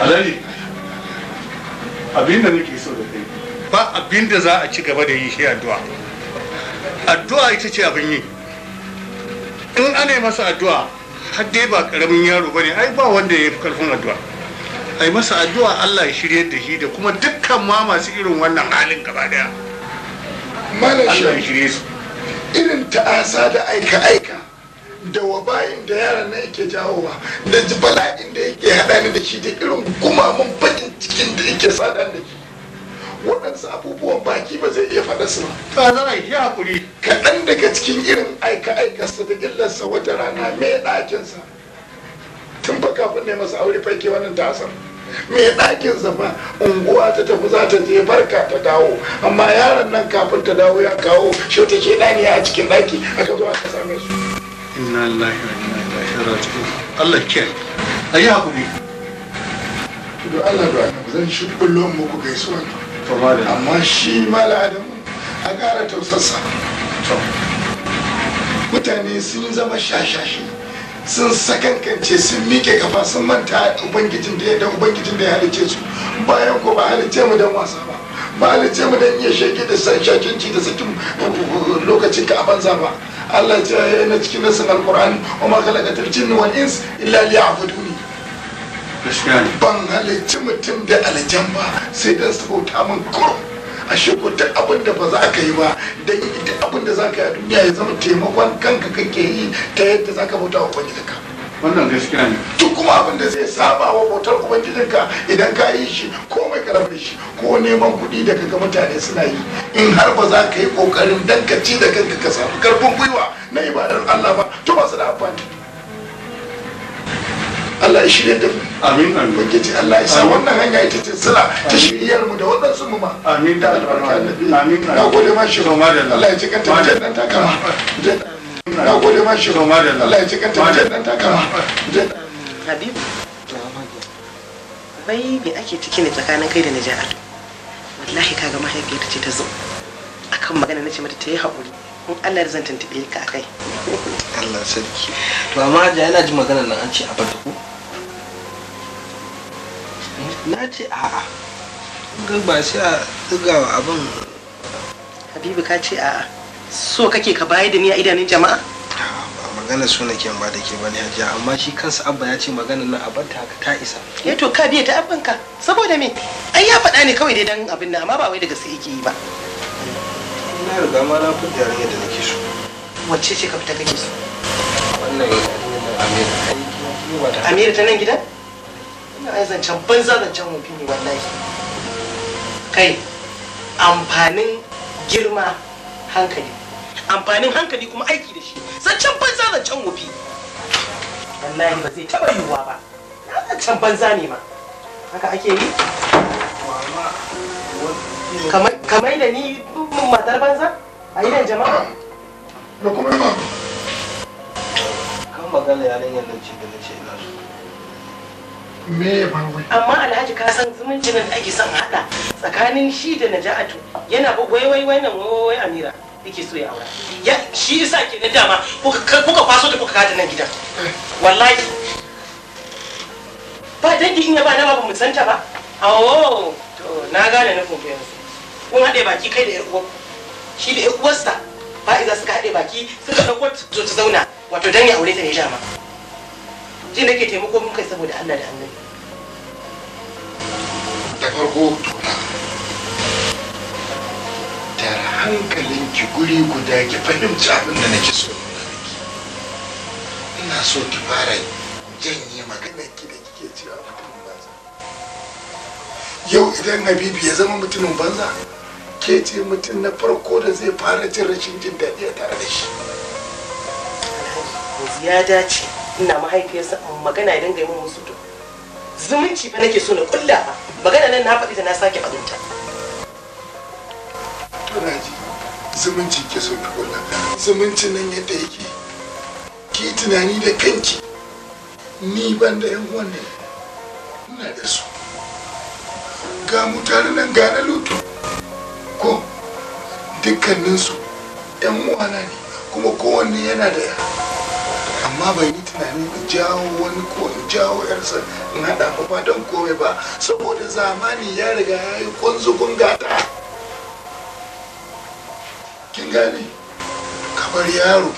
alali abinda nake so da kai ba abinda za a ci gaba da yi shi addu'a addu'a ita ce abin yi in ana yi masa addu'a har dai ba karamin yaro bane ai ba wanda ya fi karfin addu'a ai masa addu'a Allah ya shirye da shi da kuma dukkan ma masu irin wannan halin gaba daya Allah ya shirye su irin ta'asa da aika aika da bayin da yaran na yake jawowa da bala'in da yake haɗa ni da shi da irin gumamin bakin cikin da yake sada da shi waɗansu abubuwan baki ba zai iya faɗa su ba. Ta yi haƙuri. Kaɗan daga cikin irin aika-aikarsa da illarsa wata rana mai ɗakinsa. Tun ba kafin ne masa aure fake wannan tasar. Mai ɗakinsa ba unguwa ta tafi za ta je barka ta dawo amma yaron nan kafin ta dawo ya kawo shi ta ke ɗani a cikin ɗaki aka zo aka same su. inna lillahi wa inna ilaihi raji'un Allah ke ayi hakuri to Allah da zan shi kullum muku gaisuwa amma shi mala adam a tausasa mutane sun zama shashashi sun sakankance sun mike kafa sun manta ubangijin da yadda ubangijin da ya halice su bayan ko ba halice mu wasa ba ba halice mu iya shege da san shakinci da sakin uh, lokacin ka a banza ba Allah ce yana cikin nasin alkur'ani wa ma khalaqatul jinni wa ins illa liya'buduni ban halicci mutum da aljan ba sai dan su bauta min kurum a shigo duk abin da ba za ka yi ba da abin da za ka yi a duniya ya zama taimakon kanka kake yi ta yadda za ka bauta wa ubangiji ka wannan gaskiya ne duk kuma abin da zai saba wa bautar ubangijinka idan ka yi shi ko mai karamin shi ko neman kuɗi da kaga mutane suna yi in har ba za ka yi kokarin dan ka ci da kanka ka samu karfin gwiwa na ibadar Allah ba to ba su da amfani Allah ya shirya da mu amin amin ubangiji Allah ya sa wannan hanya ita ce sila ta shiryar mu da wannan mu ma amin da albarka amin na gode ma shi Allah ya cika ta jannan ta kama na gode ma shi Allah ya cika ta dan takama habibu bai me ake ciki ne tsakanin kai da naja'atu wallahi kaga mahaifiyarta ce ta zo akan magana nace mata ta yi haƙuri in Allah ya zan tuntube ka akai Allah sarki to amma ja yana ji magana nan an ce a bar ku hmm? na ce a'a ga ba sai a tsigawa abin habibu ka ce a'a so kake ka baya da ni a idanun jama'a magana su nake ba da ke ba bane hajiya amma shi kansa abba ya ce magana na a ta haka ta isa ya eh to ka biya ta abban ka saboda me ai ya faɗa ne kawai dai dan abin nan amma ba wai da gaske yake yi ba na riga ma na fi yarinya da nake so wacce ce ka fita kake su? wannan amira amira ta nan gidan? ina ai zancen banza zancen wofi ne wallahi kai amfanin girma hankali amfanin hankali kuma aiki da shi zancen banza zancen wufi wallahi ba zai taba yiwuwa ba zancen banza ne ma haka ake yi kamar da ni matar banza a idan jama'a da kuma ma kan magana yaren nan ce da ce ina so me amma alhaji ka san zumuncin da ake son hada tsakanin shi da naja'atu yana wai wai wannan wai wai amira yake so ya aura ya shi yasa ke na dama kuka kwaso da kuka kada nan gidan wallahi ba dangi in ya ba na mu santa ba awo oh, to na gane na ku yanzu kun haɗe baki kai da ƴar uwarku shi da ƴar uwarsa fa'iza suka haɗe baki suka ɗauko zo ta zauna wato dan ya aure ta ne dama ji nake taimako mun kai saboda Allah da annabi da farko tara hankalin ki guri guda ki fahimci abin da nake so nuna ina so ki fara janye maganar ki da kike a mutumin banza yau idan habibi ya zama mutumin banza ke ce mutum na farko da zai fara jin rashin jin daɗi a tare da shi ya dace ina mahaifiyarsa magana idan ga yi mun musu zumunci fa nake so na kulla magana nan na faɗi ta na sake faɗinta to na zumunci ke so ki kula zumuncin nan yadda yake ki tunani da kanki ni ban da yan uwan ne ina da su ga mutane nan ga na lutu ko dukkaninsu yan uwana ne kuma kowanne yana da amma bai yi tunani in jawo wani ko in jawo yarsa in haɗa ba don komai ba saboda zamani ya riga ya yi kunzugun gata kin gane kamar yaro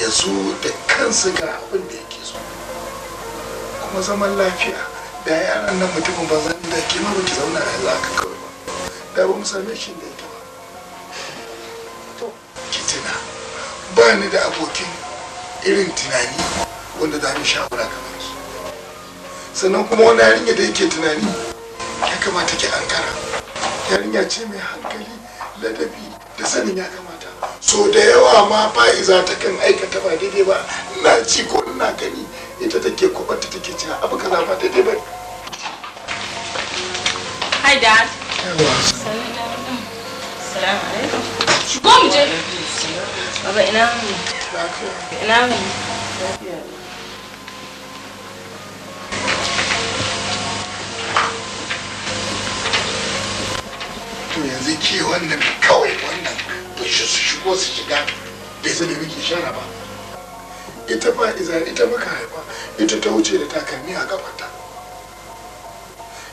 ya zo da kansa ga abin da yake so kuma zaman lafiya da yaran nan mutumin ba zan da ke ki zauna a yanzu haka kawai ba da ba mu same shi da ita ba to kitina ba ni da abokin irin tunani wanda za mu shawara kamar su sannan kuma wani yarinya da yake tunani ya kamata ki ankara yarinya ce mai hankali ladabi da sanin ya kamata so da yawa ma fa'iza ta kan aikata ba daidai ba na ci ko ina gani ita take kwabarta take ci abu kaza ba daidai ba hi dad Salamu alaikum. Shigo mu je. Baba ina mu. Ina mu. To yanzu ke wannan kawai shi su shigo su shiga bai zai da muke shara ba ita ba iza ita maka haifa ita ta wuce da takalmi a gabata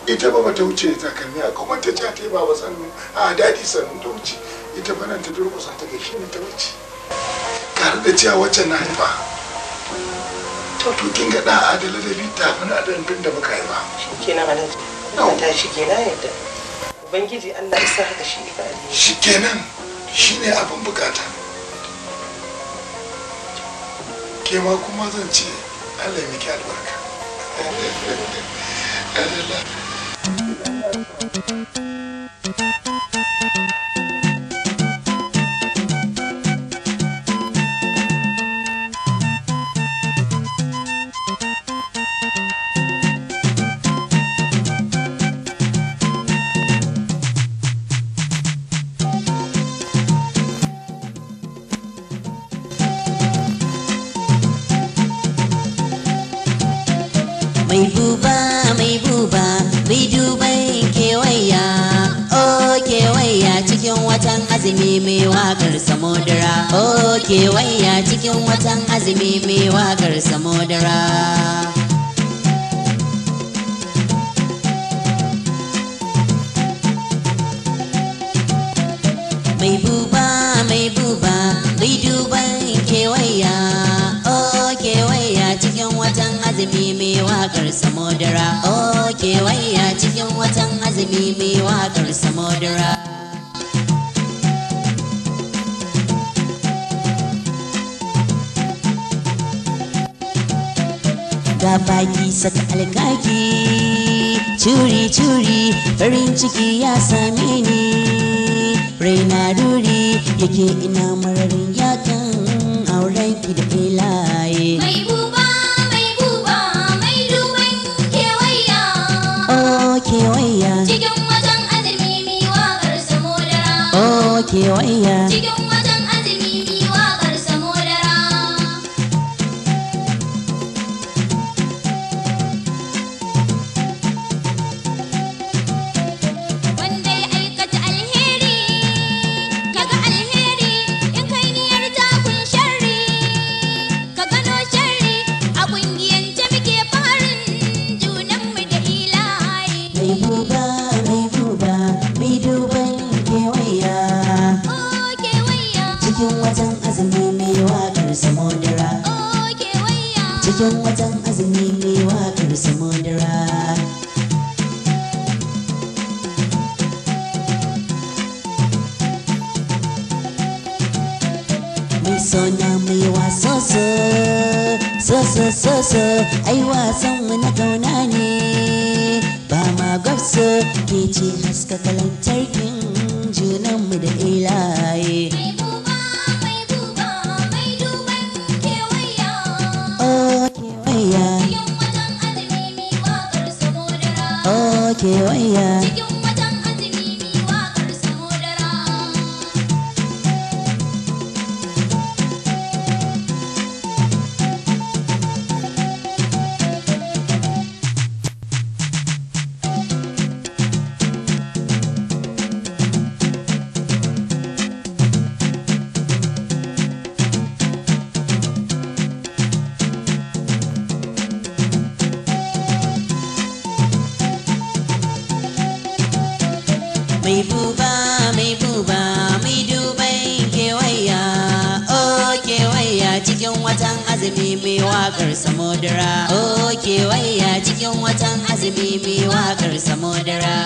ita ba ta wuce da takalmi a kuma ta ja ta yi baba sannu a daɗi sannu ta wuce ita ba nan ta durkusa ta gaishe ne ta wuce tare da cewa wacce na haifa to to kin ga da adala da bi ta fa na dan da muka haifa shikenan alhaji ta shikenan yadda ubangiji Allah ya sa haka shi ka shikenan shine abin bukata ke ma kuma zan ce allah miki albarka kewaya cikin watan azumi mai wakar samodara. mai buba mai buba mai duban kewaya oh kewaya cikin watan azumi mai wakar samodara oh kewaya cikin watan azumi mai wakar samodara baki saka alkaki curi curi farin ciki ya same ni raina ruri yake ina mararin yakan auren ki da ilaye mai buba mai mai duban kewaya kewaya cikin wajen azumi mi wakar samo da oh kewaya cikin 用我真。Oh, kewaya cikin watan azumi mai wakar samodara. Oh, kewaya cikin watan azumi mai wakar samodara.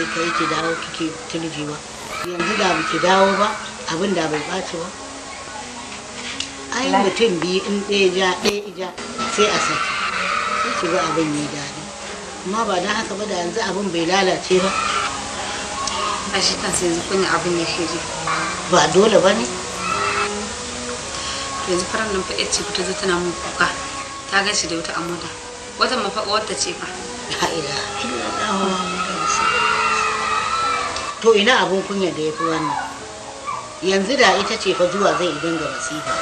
yi kai ki dawo kike turji ba yanzu da ki dawo ba abin da bai ɓaci ba ai mutum biyu in ɗaya ja ɗaya ija sai a saki sai ki ga abin yi daɗi amma ba don haka ba da yanzu abin bai lalace ba a shi ta sai yanzu kunya abin ya ke ba dole ba ne yanzu faran nan fa ce fita zo tana mun kuka ta gashi da wata a mota wata mafa wata ce fa ha ila ha'ila to ina abun kunya da ya fi wannan yanzu da ita ce fa zuwa zai idan ga wasifa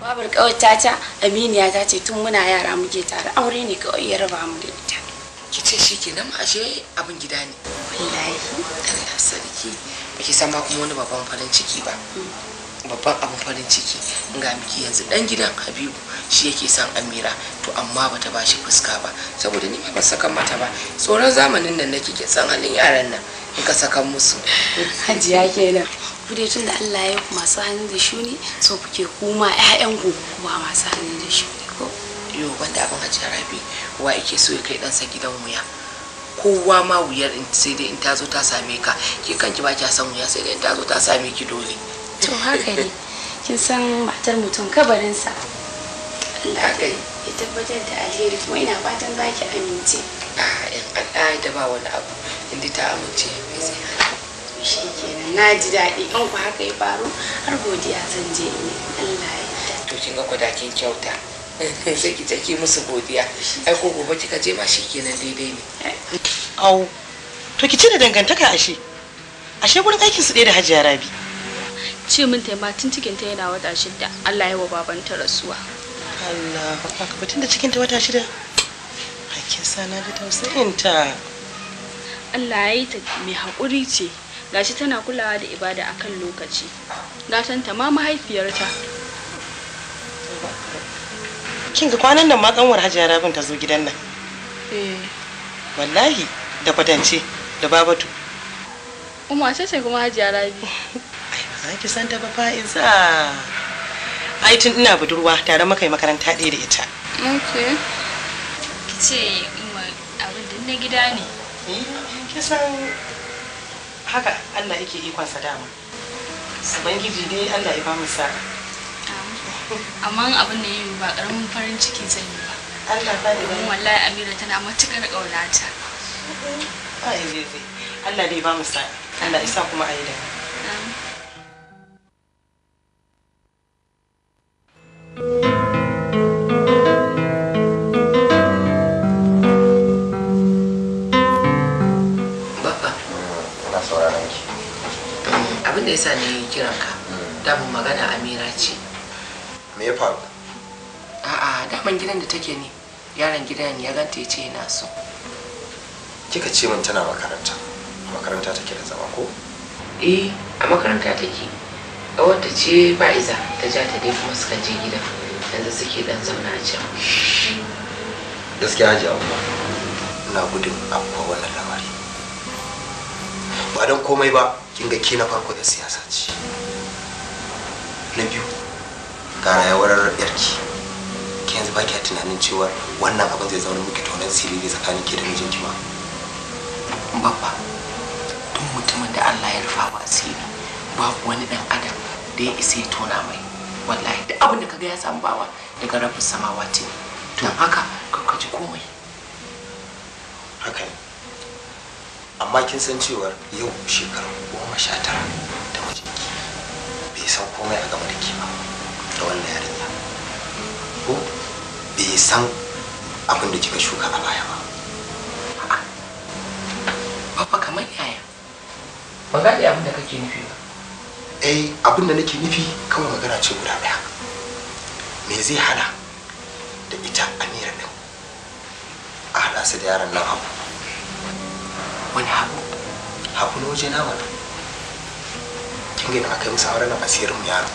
babar kawai ta ta aminiya ta ce tun muna yara muke tare aure ne kawai ya raba mu da ita ki ce shi ke nan ashe abin gida ne wallahi Allah sarki baki san ma kuma wani babban farin ciki ba babban abin farin ciki ga miki yanzu dan gidan Habibu shi yake san Amira to amma bata ba shi fuska ba saboda ni ba sakan mata ba tsoron zamanin nan nake ke san halin yaran nan in ka sakan musu hajiya kenan ku dai tunda Allah ya masu hannu da shuni so kuke kuma ƴaƴan ku kuma masu hannu da shuni ko iyo banda abin hajji rabi wa yake so ya kai ɗansa gidan wuya kowa ma wuyar sai dai in ta zo ta same ka ke kanki ba kya san wuya sai dai in ta zo ta same ki dole to haka ne kin san matar mutum kabarinsa Allah ya tabbatar da alheri kuma ina fatan za ki amince a ah, in Allah da ba wani abu inda ta amince mai sai shi kenan na ji daɗi an ku haka ya faru har godiya zan je in Allah ya to kin ga kwadakin kyauta Eh, sai ki take musu godiya ai ko gobe kika je ma shikenan daidai ne au to ki cire da dangantaka ashe ashe gurin aikin su ɗaya da hajiya rabi ce min ta ma tun cikin ta yana wata shida Allah ya wa baban ta rasuwa Allah ba ka batun da cikin ta wata shida hakin sana da tausayin ta Allah ya yi ta mai hakuri ce gashi tana kulawa da ibada akan lokaci gatan ta ma mahaifiyarta kin ga kwanan nan ma kanwar hajiya rabin ta zo gidan nan eh wallahi da kwatance da babatu umma ce ce kuma hajiya rabi ai ki san ta ba fa'iza ai tun ina budurwa tare makai makaranta ɗaya da ita okay ki ce umma abin da na gida ne eh, ki san haka Allah yake ikon sa dama ubangiji dai Allah ya ba mu sa'a amma abin da yi ba karamin farin ciki zan yi ba Allah ba da wallahi Amira tana matukar kaunata ai zai zai Allah dai ba mu sa Allah isa kuma ayi da abin da ya sa ne kiran ka hmm. magana amira ce me ya faru a'a daman gidan da take ne yaron gidan ya ganta ya ce yana so kika ce min tana makaranta makaranta take da zama ko eh a makaranta take wata ce fa'iza ta ja ta dai kuma suka je gidan yanzu suke dan zauna a can gaskiya haji amma ina gudun akwai wannan lamari ba don komai ba kin ga ke na farko da siyasa ce na biyu kara ya warar yarki ke yanzu baki tunanin cewa wannan abin zai zama miki tonan ne tsakanin ke da mijinki ma babba duk mutumin da Allah ya rufa ba asiri babu wani dan adam da ya isa ya tona mai wallahi duk abin da kaga ya samu bawa daga rabbin samawati ne don haka ka ji komai haka amma kin san cewar yau shekaru goma sha tara da mijinki bai san komai a game da ke ba da wannan yarinya ko bai san abin da kika shuka a baya ba Papa kamar yaya ba ga da abin da kake nufi ba eh abin da nake nufi kawai magana ce guda daya me zai hana da ita amira din a hada su da yaran nan habu wani Abu. Abu na waje na mana kin gina aka yi musu auren asirin yaro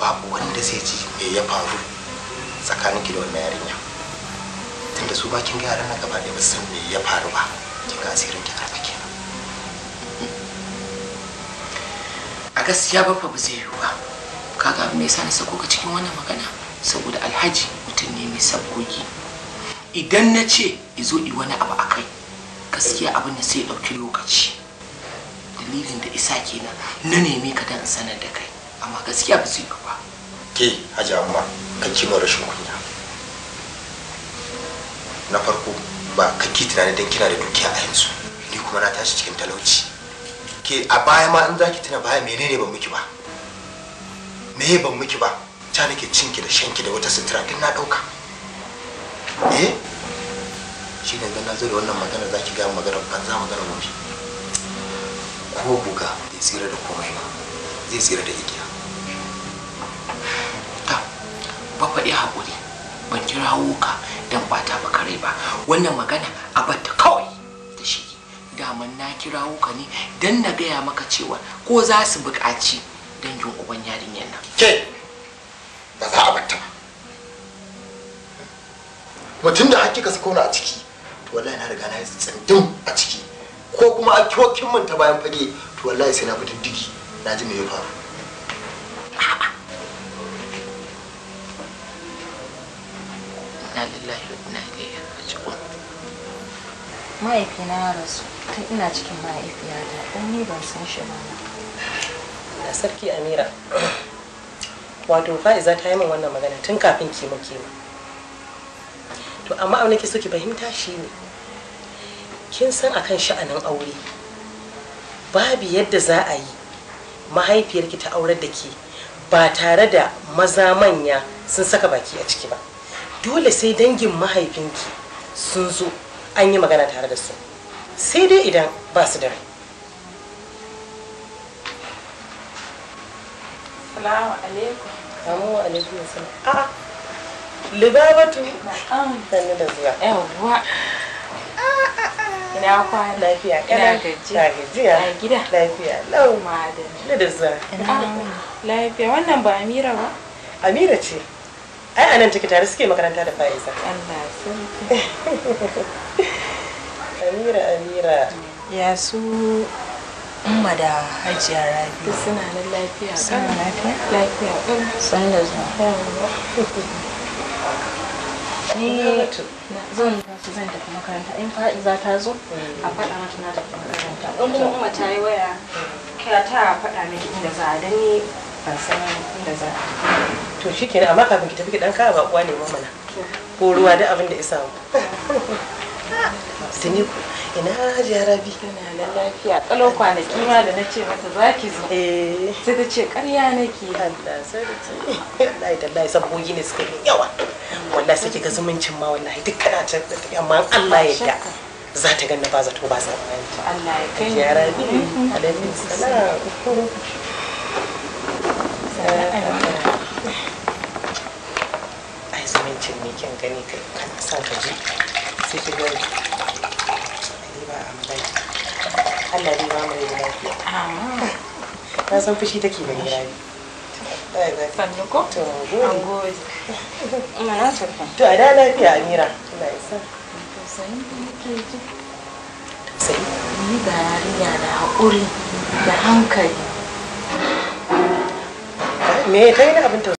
babu wanda zai ji me ya faru tsakanin ki da wannan yarinya tunda su ba kin ga yaran na gaba da ba san me ya faru ba kin ga asirin ki arfa ke a gaskiya ba fa ba zai yiwu ba kaga abin da yasa na sako ka cikin wannan magana saboda alhaji mutum ne mai sabgogi idan na ce izo i wani abu a kai gaskiya abin da sai ɗauki lokaci dalilin da isa kenan na neme ka dan sanar da kai amma gaskiya ba zai yiwu ke hajji amma kake mara rashin kunya na farko ba ki tunanin don kina da dukiya a yanzu ni kuma na tashi cikin talauci ke a baya ma in za ki tuna baya menene ban miki ba me ban miki ba ta nake cinki da shanki da wata sutura din na dauka eh shi ne na zo da wannan magana za ki gaya magana banza magana gobe ko buga zai tsira da komai ba zai tsira da igiya faɗi haƙuri ban kira ka don ɓata ba kare ba wannan magana a batta kawai da shi daman na kira ka ne don na gaya maka cewa ko za su buƙaci dangin uban yarinyar nan ke ba za a batta ba mutum da hakika su kona a ciki to wallahi na riga na yi tsandin a ciki ko kuma a kyokin manta bayan fage to wallahi sai na fi diddigi na ji me faru lillahi wa inna ilaihi raji'un mahaifina ya rasu ta ina cikin mahaifiyata dan ni ban san shi ba na sarki amira wato fa'iza ta yi min wannan magana tun kafin kima kima to amma abin da ke so ki fahimta shine kin san akan sha'anin aure babu yadda za a yi mahaifiyarki ta aurar da ke ba tare da maza manya sun saka baki a ciki ba dole sai dangin mahaifinki sun zo an yi magana tare da su sai dai idan ba su da rai salamu alaikum salamu alaikum Salamu a'a libabatu sannu da zuwa yawwa ina kwana lafiya kana gajiya gajiya ina gida lafiya lau madani da zuwa lafiya wannan ba amira ba amira ce ai a nan take tare suke makaranta da fa'iza Allah sarki Amira Amira ya su umma da hajiya rabi suna nan lafiya suna lafiya lafiya eh. sun da zuwa ni eh, zan tashi zan tafi makaranta in fa'iza ta zo hmm. a faɗa mata na tafi makaranta in hmm. kuma umma ta yi waya kira ta faɗa miki inda za a dani? ban san inda za a to shi kenan amma kafin ki tafi ki dan kawo ba uwa neman mana ko ruwa da abin da ya samu sani ku ina hajiya rabi ina nan lafiya tsalo kwanaki ma da na ce mata za ki zo eh. sai ta ce ƙarya nake Allah sarki Allah ya tallahi sabbogi ne suka yi yawa wallahi sai kiga zumuncin ma wallahi duk kana ta amma Allah ya yarda za ta ganna ba za ta ba sa Allah ya kai ya rabi alaikum salam eh, mai kyan gani ka sa ka ji sai ka gani riba a Allah mu da lafiya na san fushi take da gida sannu ko to gode ina na to lafiya Amira to sai ji sai ni ba da da hankali me yi abin